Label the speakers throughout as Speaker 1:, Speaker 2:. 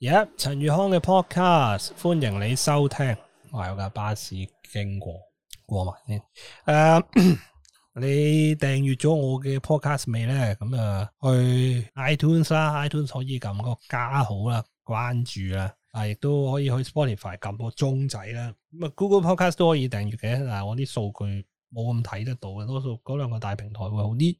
Speaker 1: 耶！陳宇康嘅 podcast，歡迎你收聽。哦、我有架巴士經過，過埋先。誒、uh, 你訂閱咗我嘅 podcast 未咧？咁、嗯、啊，去 iTunes 啦，iTunes 可以撳個加號啦，關注啦。啊，亦都可以去 Spotify 撳個鐘仔啦。咁啊，Google Podcast 都可以訂閱嘅。嗱，我啲數據冇咁睇得到嘅，多數嗰兩個大平台會好啲。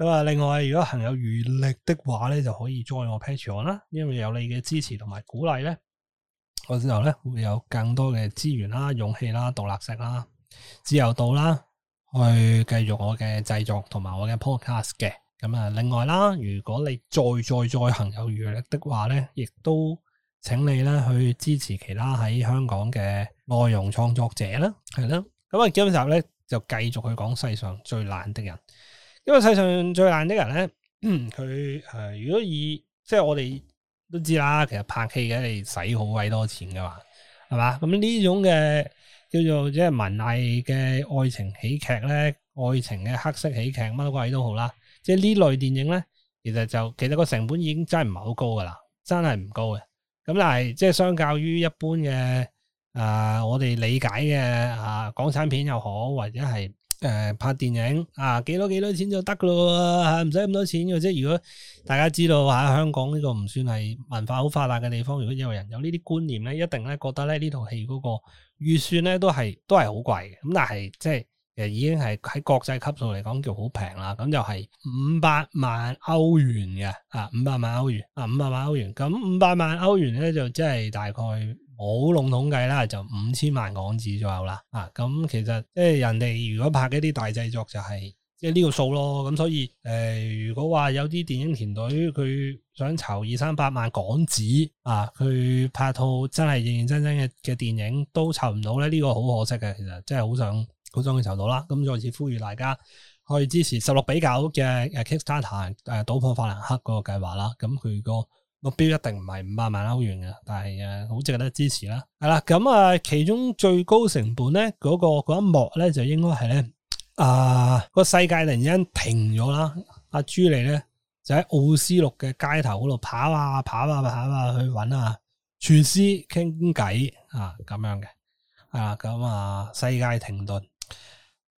Speaker 1: 咁啊！另外，如果行有餘力的話咧，就可以 join 我 Patreon 我啦，因為有你嘅支持同埋鼓勵咧，我之後咧會有更多嘅資源啦、勇氣啦、獨立性啦、自由度啦，去繼續我嘅製作同埋我嘅 podcast 嘅。咁啊，另外啦，如果你再再再行有餘力的話咧，亦都請你咧去支持其他喺香港嘅內容創作者啦，係啦。咁啊，今集咧就繼續去講世上最爛的人。因為世上最爛的人呢，佢如果以即係我們都知啦，其實拍戲嘅係使好鬼多錢的嘛，是吧。咁呢種的叫做即係文藝的愛情喜劇呢，愛情的黑色喜劇，乜鬼都，都好啦，即係呢類電影呢其實就其實個成本已經真的不係好高的啦，真的不高的。咁但係即係相較於一般的誒、呃，我們理解的啊、呃、港產片又好或者是誒、呃，拍電影啊，幾多幾多，啊、多錢就得噶咯，唔使咁多錢嘅啫。如果大家知道吓、啊、香港呢個唔算係文化好發達嘅地方，如果有人有呢啲觀念咧，一定咧覺得咧呢套戲嗰個預算咧都係都係好貴嘅。咁但係即係已經係喺國際級數嚟講叫好平啦。咁就係五百萬歐元嘅，啊，五百萬歐元，啊，五百萬歐元。咁五百萬歐元咧就即係大概。好籠統計啦，就五千萬港紙左右啦。啊，咁其實即係人哋如果拍一啲大製作、就是，就係即係呢個數咯。咁所以誒、呃，如果話有啲電影團隊佢想籌二三百萬港紙啊，佢拍套真係認認真真嘅嘅電影都籌唔到咧，呢、這個好可惜嘅。其實真係好想好想佢籌到啦。咁再次呼籲大家去支持十六比九嘅誒 Kickstarter 誒、啊，賭破法蘭克嗰個計劃啦。咁佢個。目標一定唔係五百萬歐元嘅，但係誒，好值得支持啦。係啦，咁啊，其中最高成本咧，嗰個嗰一幕咧，就應該係咧，啊個世界突然間停咗啦。阿朱莉咧就喺奧斯陸嘅街頭嗰度跑啊跑啊跑啊，去揾啊廚師傾偈啊咁樣嘅。係啦，咁啊，世界停頓。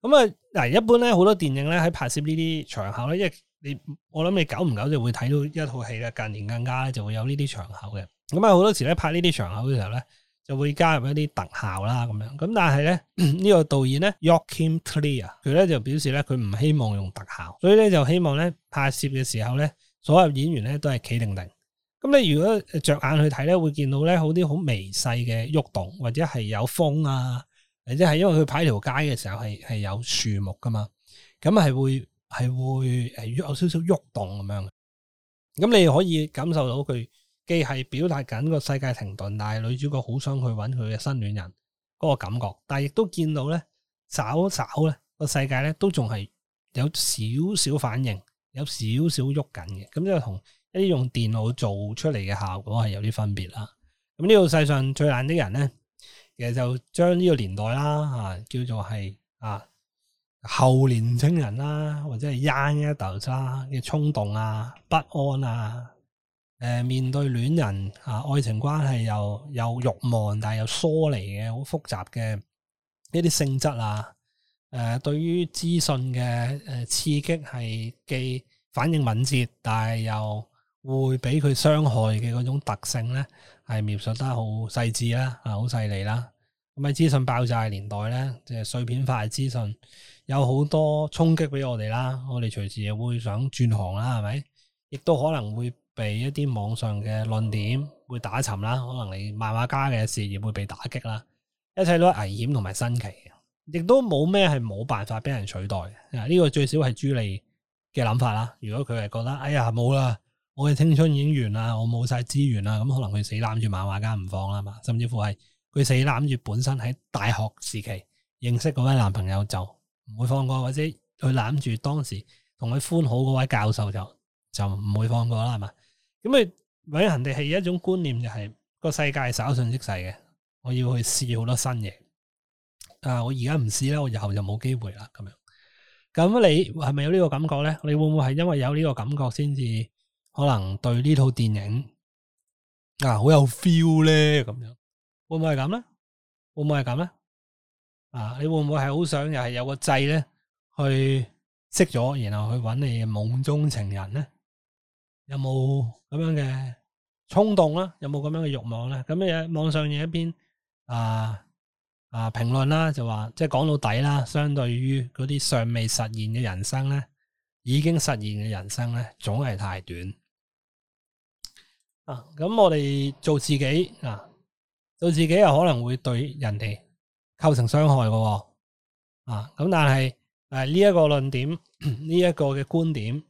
Speaker 1: 咁啊，嗱，一般咧，好多電影咧喺拍攝呢啲場合咧，因為。你我諗你久唔久就會睇到一套戲啦，近年更加咧就會有呢啲場口嘅。咁啊，好多時咧拍呢啲場口嘅時候咧，就會加入一啲特效啦咁樣。咁但係咧呢、呢個導演咧，Joachim Trier，佢咧就表示咧佢唔希望用特效，所以咧就希望咧拍攝嘅時候咧，所有演員咧都係企定定。咁你如果着眼去睇咧，會見到咧好啲好微細嘅喐動，或者係有風啊，或者係因為佢拍條街嘅時候係係有樹木噶嘛，咁係會。係會誒有少少喐動咁樣嘅，咁你可以感受到佢既係表達緊個世界停頓，但係女主角好想去揾佢嘅新戀人嗰個感覺，但係亦都見到咧，找找咧個世界咧都仲係有少少反應，有少少喐緊嘅，咁就同一啲用電腦做出嚟嘅效果係有啲分別啦。咁呢個世上最爛啲人咧，其實就將呢個年代啦，啊，叫做係啊。後年青人啦，或者係 young 一頭渣嘅衝動啊、不安啊，誒、呃，面對戀人啊、愛情關係又又慾望，但係又疏離嘅好複雜嘅呢啲性質啊，誒、呃，對於資訊嘅誒、呃、刺激係既反應敏捷，但係又會俾佢傷害嘅嗰種特性咧，係描述得好細緻啦，啊，好犀利啦。咁喺資訊爆炸嘅年代咧，即係碎片化嘅資訊。有好多衝擊俾我哋啦，我哋隨時會想轉行啦，係咪？亦都可能會被一啲網上嘅論點會打沉啦，可能你漫畫家嘅事業會被打擊啦，一切都係危險同埋新奇，亦都冇咩係冇辦法俾人取代。呢、呢個最少係朱莉嘅諗法啦。如果佢係覺得，哎呀冇啦，我嘅青春已經完啦，我冇晒資源啦，咁可能佢死攬住漫畫家唔放啦嘛，甚至乎係佢死攬住本身喺大學時期認識嗰位男朋友就唔會放過，或者佢攬住當時同佢歡好嗰位教授就就唔會放過啦，係咪？咁你因為人哋係一種觀念，就是，就係個世界稍縱即逝嘅，我要去試好多新嘢。啊，我而家唔試啦，我日後就冇機會啦，咁樣。咁你係咪有呢個感覺咧？你會唔會係因為有呢個感覺先至可能對呢套電影啊好有 feel 咧？咁樣會唔會係咁咧？會唔會係咁咧？會啊！你會唔會係好想又係有個掣咧，去識咗，然後去搵你嘅夢中情人咧？有冇咁樣嘅衝動啦？有冇咁樣嘅慾望咧？咁嘢，網上嘅一篇啊啊評論啦，就話即係講到底啦，相對於嗰啲尚未實現嘅人生咧，已經實現嘅人生咧，總係太短啊！咁我哋做自己啊，做自己又可能會對人哋，構成傷害嘅，啊，咁但係誒呢一個論點，呢一個嘅觀點，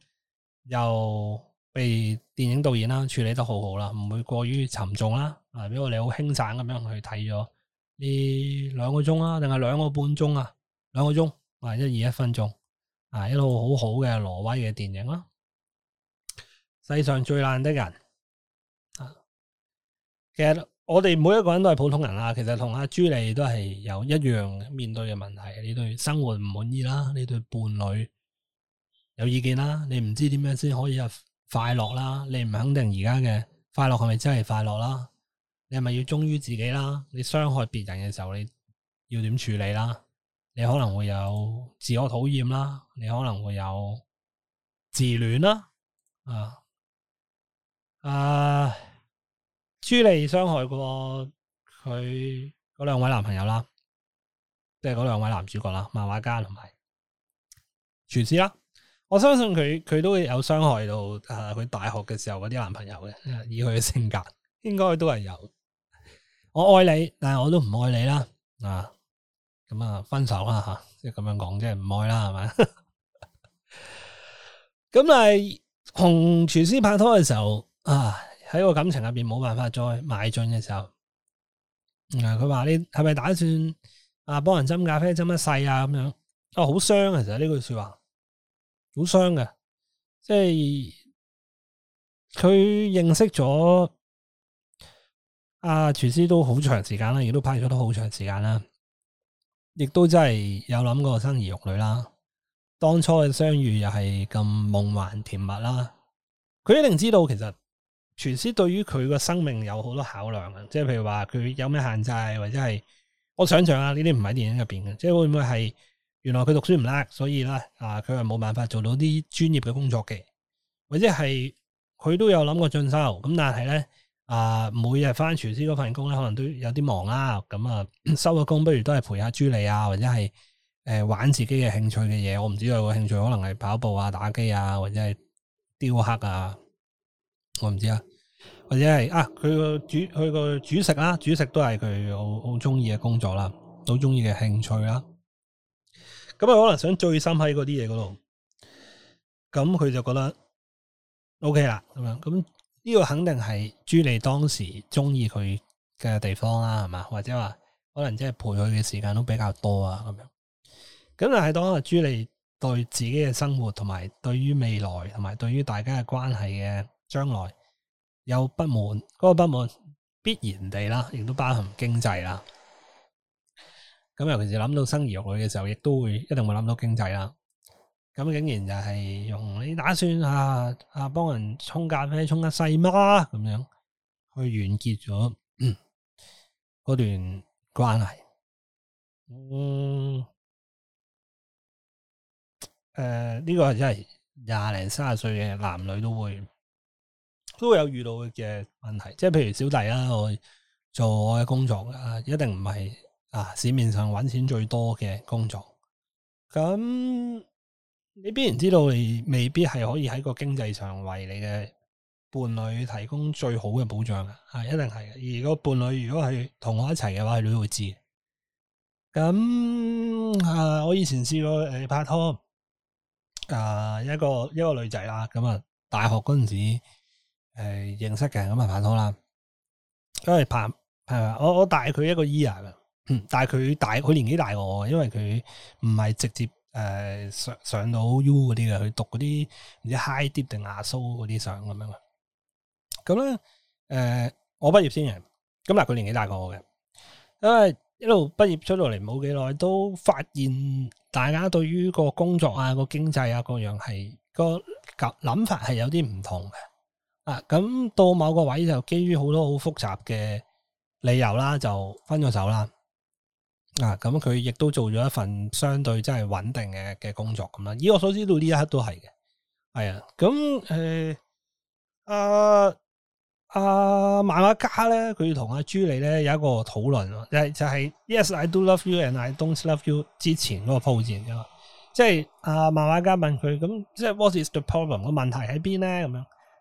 Speaker 1: 又被電影導演啦處理得好好啦，唔會過於沉重啦，啊，俾我哋好輕散咁樣去睇咗呢兩個鐘啊，定係兩個半鐘啊，兩個鐘啊，一二一分鐘，啊，一部好好嘅挪威嘅電影啦，《世上最爛的人》啊，啊 get 我哋每一個人都係普通人啦，其實同阿朱莉都係有一樣面對嘅問題。你對生活唔滿意啦，你對伴侶有意見啦，你唔知點樣先可以啊快樂啦，你唔肯定而家嘅快樂係咪真係快樂啦？你係咪要忠於自己啦？你傷害別人嘅時候，你要點處理啦？你可能會有自我討厭啦，你可能會有自戀啦，啊，誒、啊。朱莉傷害過佢嗰兩位男朋友啦，即係嗰兩位男主角啦，漫畫家同埋廚師啦。我相信佢佢都會有傷害到佢大學嘅時候嗰啲男朋友嘅，以佢嘅性格應該都係有。我愛你，但係我都唔愛你啦啊！咁啊，分手啦吓，即係咁樣講，即係唔愛啦，係咪？咁但係同廚師拍拖嘅時候啊。喺個感情入邊冇辦法再買進嘅時候，啊、嗯！佢話，你係咪打算啊幫人斟咖啡斟一世啊咁樣、哦是？啊，好傷啊！其實呢句說話好傷嘅，即係佢認識咗阿廚師都好長時間啦，亦都拍咗都好長時間啦，亦都真係有諗過生兒育女啦。當初嘅相遇又係咁夢幻甜蜜啦，佢一定知道其實。廚師對於佢個生命有好多考量嘅，即係譬如話佢有咩限制，或者係我想象啊，呢啲唔喺電影入邊嘅，即係會唔會係原來佢讀書唔叻，所以咧啊，佢係冇辦法做到啲專業嘅工作嘅，或者係佢都有諗過進修，咁但係咧啊，每日翻廚師嗰份工咧，可能都有啲忙啦，咁、嗯、啊，收咗工不如都係陪下朱莉啊，或者係誒、呃、玩自己嘅興趣嘅嘢，我唔知道有個興趣可能係跑步啊、打機啊，或者係雕刻啊。我唔知啊，或者係啊，佢個主佢個主食啦，主食都係佢好好中意嘅工作啦，好中意嘅興趣啦。咁佢可能想最深刻喺嗰啲嘢嗰度，咁佢就覺得 OK 啦，咁樣，咁呢個肯定係朱莉當時中意佢嘅地方啦，係嘛？或者話可能即係陪佢嘅時間都比較多啊，咁樣。咁就係當阿朱莉對自己嘅生活同埋對於未來同埋對於大家嘅關係嘅。將來有不滿，嗰個不滿必然地啦，亦都包含經濟啦。咁尤其是諗到生兒育女嘅時候，亦都會一定會諗到經濟啦。咁竟然就係用你打算啊啊幫人沖咖啡沖下細嗎？咁樣去完結咗嗰段關係。嗯，誒、呃，呢個真係廿零卅歲嘅男女都會都有遇到嘅問題，即係譬如小弟啦，我做我嘅工作啦，一定唔係啊市面上揾錢最多嘅工作。咁你必然知道，未必係可以喺個經濟上為你嘅伴侶提供最好嘅保障，一定係嘅。而個伴侶如果係同我一齊嘅話，你都會知。咁啊，我以前試過誒拍拖，啊一個一個女仔啦，咁啊大學嗰陣時。誒、呃，認識嘅咁啊，拍拖啦。因為拍係我我大佢一個 year、嗯、但係佢大佢年紀大過我，因為佢唔係直接誒、呃、上上到 U 嗰啲嘅，佢讀嗰啲唔知 high dip 定阿蘇嗰啲相咁樣啊。咁、嗯、咧，誒、嗯，我畢業先嘅，咁但佢年紀大過我嘅。因為一路畢業出到嚟冇幾耐，都發現大家對於個工作啊、個經濟啊各樣係、個諗法係有啲唔同嘅。啊，咁到某個位就基於好多好複雜嘅理由啦，就分咗手啦。啊，咁佢亦都做咗一份相對真係穩定嘅嘅工作咁啦。以我所知道呢一刻都係嘅，係啊。咁、啊、誒，阿阿漫畫家咧，佢同阿朱莉咧有一個討論，就就是、係 Yes I do love you and I don't love you 之前嗰個鋪墊噶嘛。即係阿漫畫家問佢咁，即係 What is the problem？個問題喺邊咧？咁樣。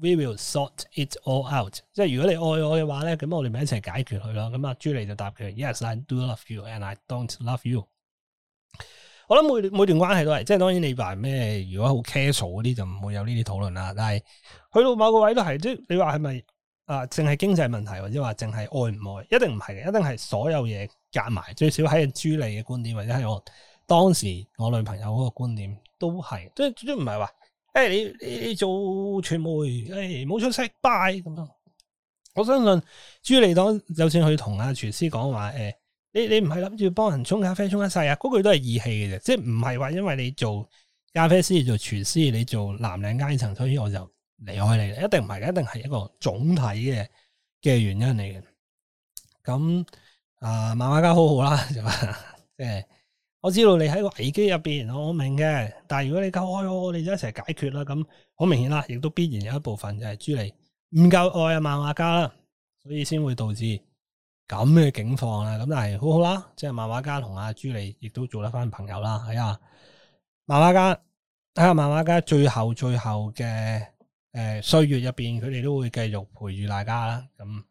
Speaker 1: We will sort it all out。即係如果你愛我嘅話咧，咁我哋咪一齊解決佢咯。咁啊朱莉就答佢：Yes, I do love you, and I don't love you 我。我諗每每段關係都係，即係當然你話咩？如果好 casual 嗰啲就唔會有呢啲討論啦。但係去到某個位都係，即係你話係咪啊？淨、呃、係經濟問題，或者話淨係愛唔愛，一定唔係嘅，一定係所有嘢夾埋。最少喺朱莉嘅觀點，或者係我當時我女朋友嗰個觀點，都係即係，即係唔係話。即、哎、係你你,你做傳媒，誒、哎、冇出息拜。咁我相信朱利黨有算去同阿廚師講話，誒、哎，你你唔係諗住幫人沖咖啡沖一世啊？嗰句都係義氣嘅啫，即係唔係話因為你做咖啡師，做廚師，你做藍領階層，所以我就離開你，一定唔係嘅，一定係一個總體嘅嘅原因嚟嘅。咁啊，漫畫家好好啦，係嘛？我知道你喺個危機入邊，我明嘅。但係如果你夠愛我，我哋就一齊解決啦。咁好明顯啦，亦都必然有一部分就係朱莉唔夠愛阿漫畫家啦，所以先會導致咁嘅境況啦。咁但係好好啦，即係漫畫家同阿朱莉亦都做得翻朋友啦。係啊，漫畫家睇下、啊、漫畫家最後最後嘅誒歲月入邊，佢哋都會繼續陪住大家啦。咁誒。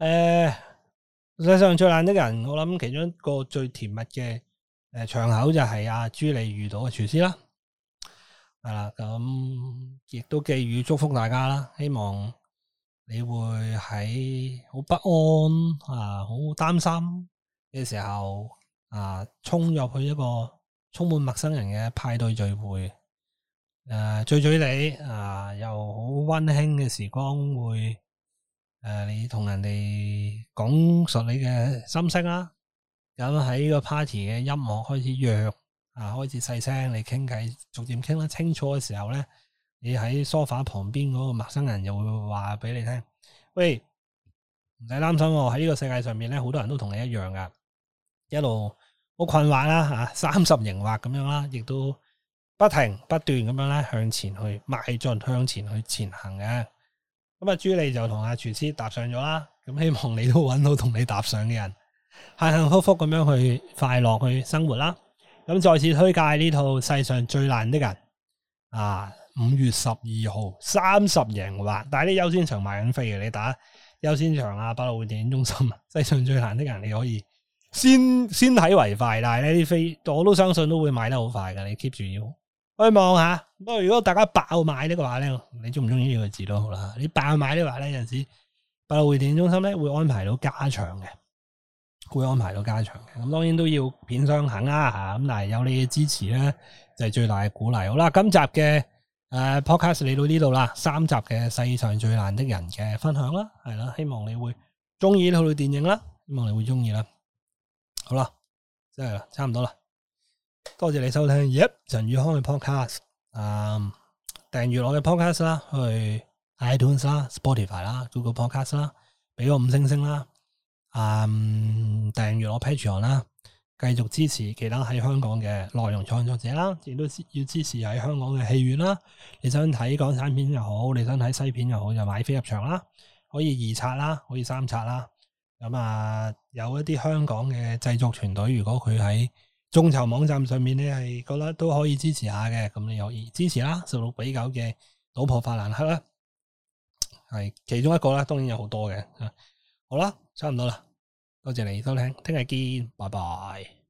Speaker 1: 呃世界上最爛的人，我諗其中一個最甜蜜嘅誒、呃、場口就係阿、啊、朱莉遇到嘅廚師啦，係、啊、啦，咁、嗯、亦都寄予祝福大家啦。希望你會喺好不安啊、好擔心嘅時候啊，衝入去一個充滿陌生人嘅派對聚會，誒、啊，醉醉地啊，又好溫馨嘅時光會。誒，你同人哋講述你嘅心聲啦，咁喺呢個 party 嘅音樂開始弱啊，開始細聲，你傾偈，逐漸傾得清楚嘅時候咧，你喺梳化旁邊嗰個陌生人又會話俾你聽，喂，唔使擔心，我喺呢個世界上面咧，好多人都同你一樣噶，一路好困惑啦，吓，三十疑惑咁樣啦，亦都不停不斷咁樣咧向前去邁進，向前去前行嘅。咁啊，朱莉就同阿廚師搭上咗啦。咁希望你都揾到同你搭上嘅人，幸幸福福咁樣去快樂去生活啦。咁再次推介呢套世的的、啊《世上最爛的人》啊，五月十二號三十嘅話但係啲優先場賣緊飛嘅，你打優先場啊！百老匯電影中心啊，《世上最爛的人》你可以先先睇為快，但係呢啲飛我都相信都會賣得好快㗎。你 keep 住要。希望吓，不過如果大家爆買個的話咧，你中唔中意呢個字都好啦。你爆買的話咧，有陣時百老匯電影中心咧，會安排到加場嘅，會安排到加場嘅。咁當然都要片商行啦吓，咁但係有你嘅支持咧，就係最大嘅鼓勵。好啦，今集嘅誒 Podcast 嚟到呢度啦，三集嘅世上最爛的人嘅分享啦，係啦，希望你會中意呢套電影啦，希望你會中意啦。好啦，真係啦，差唔多啦。多謝你收聽，Yep，陳宇康嘅 podcast，嗯、um,，訂閱我嘅 podcast 啦，去 iTunes 啦、Spotify 啦、Google Podcast 啦，俾個五星星啦，嗯、um,，訂閱我 Patreon 啦，繼續支持其他喺香港嘅內容創作者啦，亦都要支持喺香港嘅戲院啦。你想睇港產片又好，你想睇西片又好，就買飛入場啦，可以二刷啦，可以三刷啦。咁啊，有一啲香港嘅製作團隊，如果佢喺眾籌網站上面呢，係覺得都可以支持下嘅，咁你可以支持啦，十六比九嘅老婆法蘭克啦，係其中一個啦，當然有好多嘅，好啦，差唔多啦，多謝你收聽，聽日見，拜拜。